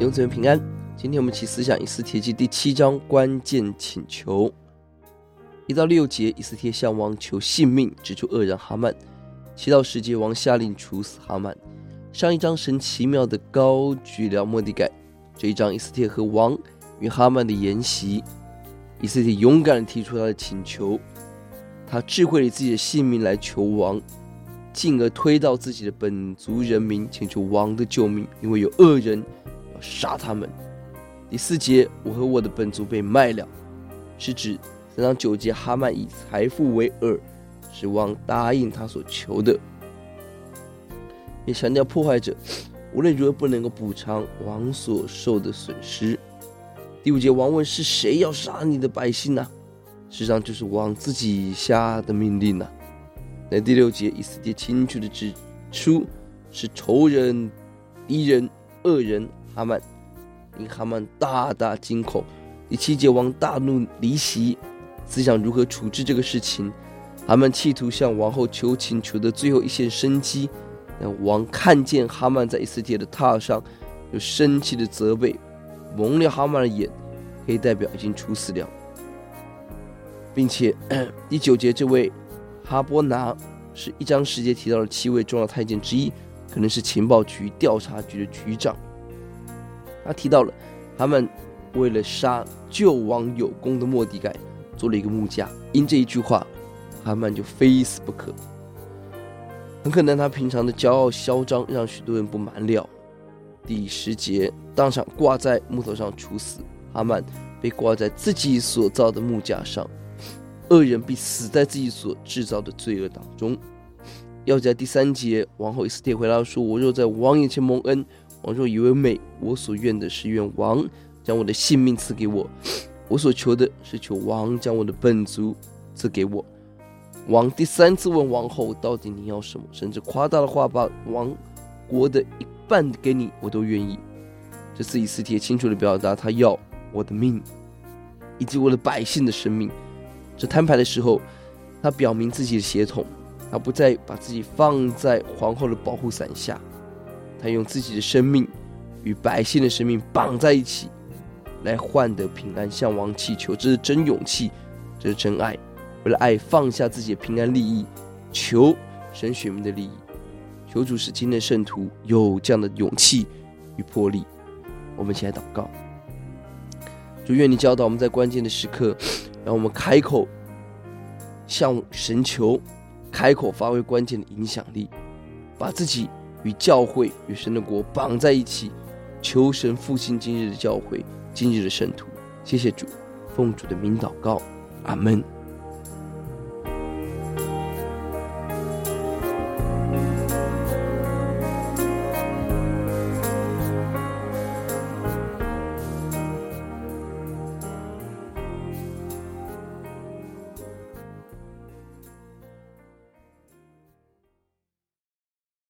永遠平安。今天我們一起思想《以斯帖記》第七章關鍵請求。一到六節，以斯帖向王求性命，指出惡人哈曼。七到十節，王下令處死哈曼。上一章神奇妙的高舉了末底改，這一章以斯帖和王與哈曼的筵席。以斯帖勇敢地提出他的請求，他智慧以自己的性命來求王，進而推到自己的本族人民，請求王的救命，因為有惡人。殺他們。第四節，我和我的本族被賣了，是指三章九節哈曼以財富為餌，使王答應他所求的。也強調破壞者無論如何不能夠補償王所受的損失。第五節，王問是誰要殺你的百姓呢、啊？實際上就是王自己下的命令吶、啊。那第六節、以斯帖清楚地指出，是仇人、敵人、惡人。哈曼，令哈曼大大驚恐，第七節王大怒離席，思想如何處置這個事情。哈曼企圖向王后求情，求得最後一線生機。那王看見哈曼在以斯帖的榻上，有生氣的責備，蒙了哈曼的眼，可以代表已經處死了。並且第九節這位哈波拿是一章十節提到的七位重要太監之一，可能是情報局調查局的局長。他提到了，哈曼為了殺救王有功的末底改，做了一個木架。因這一句話，哈曼就非死不可。很可能他平常的驕傲囂張，讓許多人不滿了。第十節，當場掛在木頭上處死。哈曼被掛在自己所造的木架上，惡人必死在自己所製造的罪惡當中。鑰節第三節，王后以斯帖回答說：“我若在王眼前蒙恩。”王若以為美，我所願的是願王將我的性命賜給我；我所求的是求王將我的本族賜給我。王第三次問王後，到底你要什麼？甚至誇大的話，把王國的一半給你，我都願意。這次以斯帖清楚的表達他要我的命，以及我的百姓的生命。這攤牌的時候，他表明自己的血統，他不再把自己放在皇後的保護傘下。他用自己的生命與百姓的生命綁在一起，來換得平安，向王祈求，這是真勇氣，這是真愛。為了愛，放下自己的平安利益，求神選民的利益，求主使今天的聖徒有這樣的勇氣與魄力。我們一起來禱告，主願你教導我們在關鍵的時刻，讓我們開口向神求，開口發揮關鍵的影響力，把自己與教會與神的國綁在一起，求神復興今日的教會，今日的聖徒。謝謝主，奉主的名禱告，阿門。